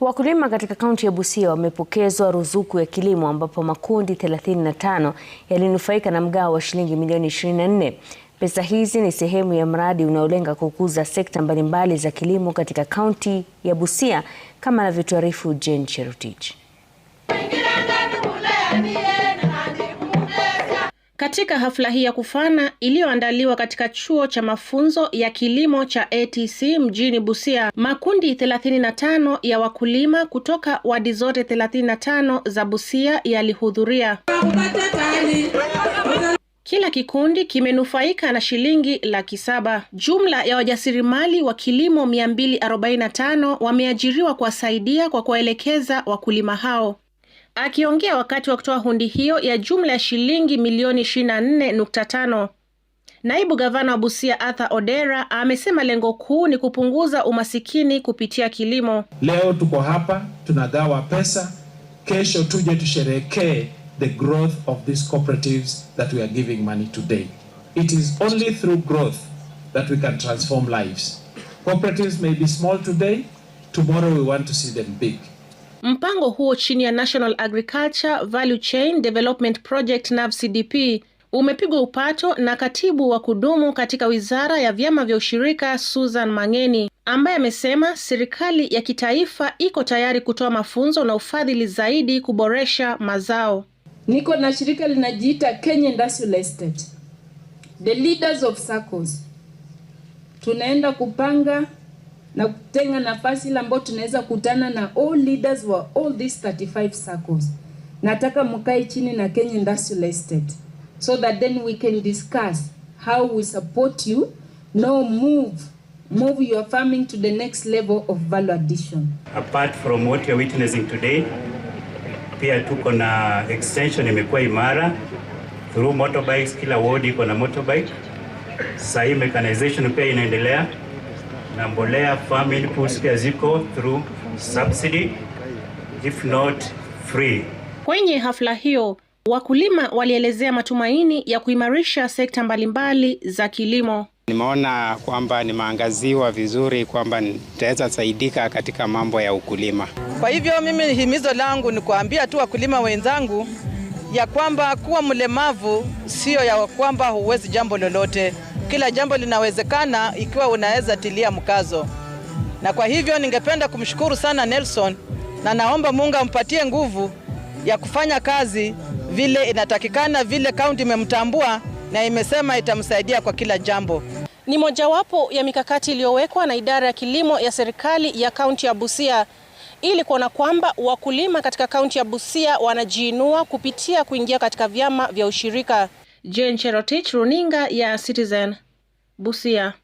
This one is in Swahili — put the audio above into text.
Wakulima katika kaunti ya Busia wamepokezwa ruzuku ya kilimo ambapo makundi 35 yalinufaika na mgao wa shilingi milioni 24. Pesa hizi ni sehemu ya mradi unaolenga kukuza sekta mbalimbali za kilimo katika kaunti ya Busia kama anavyotuarifu Jane Cherotich. Katika hafla hii ya kufana iliyoandaliwa katika chuo cha mafunzo ya kilimo cha ATC mjini Busia, makundi 35 ya wakulima kutoka wadi zote 35 za Busia yalihudhuria. Kila kikundi kimenufaika na shilingi laki saba. Jumla ya wajasiriamali wa kilimo 245 wameajiriwa kuwasaidia kwa kuwaelekeza wakulima hao. Akiongea wakati wa kutoa hundi hiyo ya jumla ya shilingi milioni 24.5, naibu gavana wa Busia Arthur Odera amesema lengo kuu ni kupunguza umasikini kupitia kilimo. Leo tuko hapa tunagawa pesa, kesho tuje tusherehekee the growth of these cooperatives that we are giving money today. It is only through growth that we can transform lives. Cooperatives may be small today, tomorrow we want to see them big. Mpango huo chini ya National Agriculture Value Chain Development Project NAVCDP umepigwa upato na katibu wa kudumu katika wizara ya vyama vya ushirika Susan Mangeni, ambaye amesema serikali ya kitaifa iko tayari kutoa mafunzo na ufadhili zaidi kuboresha mazao. Niko na shirika linajiita Kenya Industrial Estate, the leaders of SACCOs. Tunaenda kupanga na kutenga nafasi ile ambayo tunaweza kutana na all leaders wa all these 35 circles. Nataka mkae chini na Kenya Industrial Estate so that then we can discuss how we support you no move move your farming to the next level of value addition. Apart from what you're witnessing today, pia tuko na extension imekuwa imara through motorbikes, kila ward iko na motorbike. Sahi mechanization pia inaendelea na mbolea farm inputs pia ziko through subsidy if not free. Kwenye hafla hiyo wakulima walielezea matumaini ya kuimarisha sekta mbalimbali za kilimo. Nimeona kwamba nimeangaziwa vizuri kwamba nitaweza saidika katika mambo ya ukulima. Kwa hivyo mimi himizo langu ni kuambia tu wakulima wenzangu ya kwamba kuwa mlemavu sio ya kwamba huwezi jambo lolote kila jambo linawezekana ikiwa unaweza tilia mkazo. Na kwa hivyo ningependa kumshukuru sana Nelson na naomba Mungu ampatie nguvu ya kufanya kazi vile inatakikana, vile kaunti imemtambua na imesema itamsaidia kwa kila jambo. Ni mojawapo ya mikakati iliyowekwa na idara ya kilimo ya serikali ya kaunti ya Busia ili kuona kwamba wakulima katika kaunti ya Busia wanajiinua kupitia kuingia katika vyama vya ushirika. Jane Cherotich, runinga ya Citizen, Busia.